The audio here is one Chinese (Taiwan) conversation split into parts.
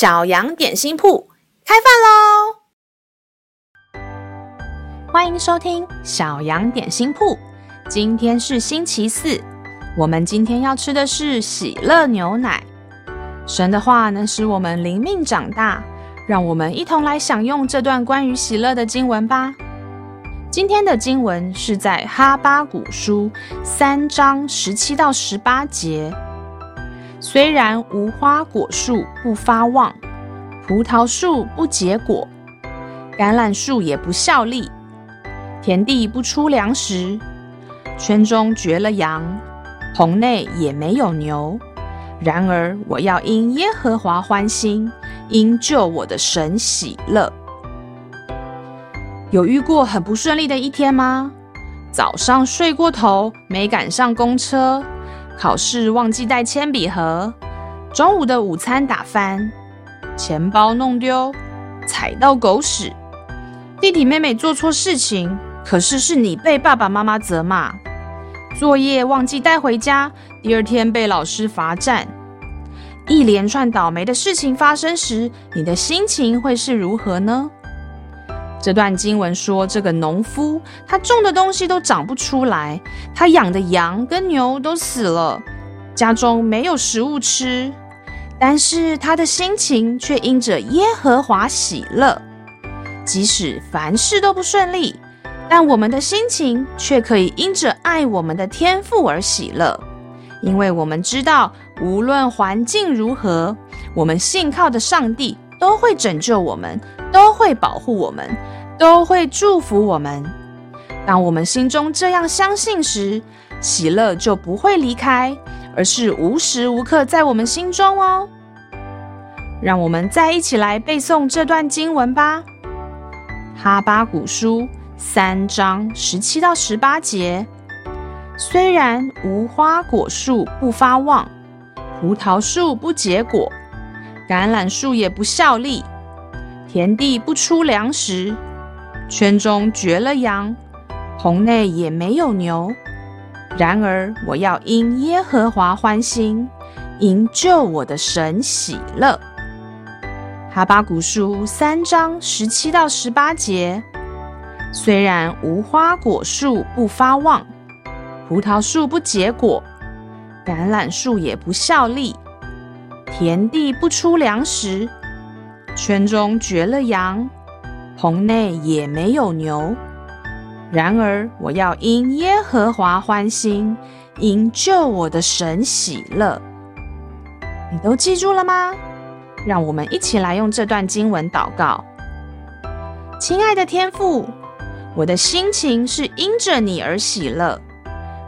小羊點心鋪開飯嘍！歡迎收聽小羊點心鋪。今天是星期四，我們今天要吃的是喜樂牛奶。神的話能使我們靈命長大，讓我們一同來享用這段關於喜樂的經文吧。今天的經文是在哈巴谷書三章十七到十八節。雖然無花果樹不發旺，葡萄樹不結果，橄欖樹也不效力，田地不出糧食，圈中絕了羊，棚內也沒有牛。然而我要因耶和華歡心，因救我的神喜樂。有遇過很不順利的一天嗎？早上睡過頭，沒趕上公車。考試忘記帶鉛筆盒，中午的午餐打翻，錢包弄丟，踩到狗屎，弟弟妹妹做錯事情，可是是你被爸爸媽媽責罵，作業忘記帶回家，第二天被老師罰站，一連串倒霉的事情發生時，你的心情會是如何呢？這段經文說，這個農夫他種的東西都長不出來，他養的羊跟牛都死了，家中沒有食物吃，但是他的心情卻因着耶和華喜樂。即使凡事都不順利，但我們的心情卻可以因着愛我們的天父而喜樂，因為我們知道，無論環境如何，我們信靠的上帝。都會拯救我們，都會保護我們，都會祝福我們。當我們心中這樣相信時，喜樂就不會離開，而是無時無刻在我們心中哦。讓我們再一起來背誦這段經文吧，《哈巴谷書》三章十七到十八節。雖然無花果樹不發旺，葡萄樹不結果。橄欖樹也不效力，田地不出糧食，圈中絕了羊，棚內也沒有牛。然而我要因耶和華歡心，因救我的神喜樂。哈巴谷書三章十七到十八節：雖然無花果樹不發旺，葡萄樹不結果，橄欖樹也不效力。田地不出糧食，圈中絕了羊，棚內也沒有牛。然而我要因耶和華歡欣，因救我的神喜樂。你都記住了嗎？讓我們一起來用這段經文禱告。親愛的天父，我的心情是因着你而喜樂。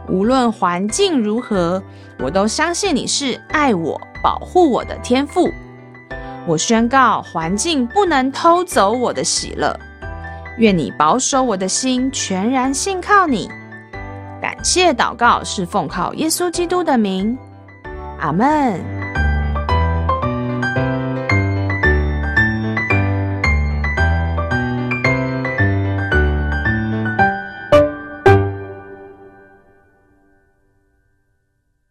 無論環境如何，我都相信你是愛我、保護我的天父。我宣告，環境不能偷走我的喜樂。願你保守我的心，全然信靠你。感謝禱告是奉靠耶穌基督的名，阿門。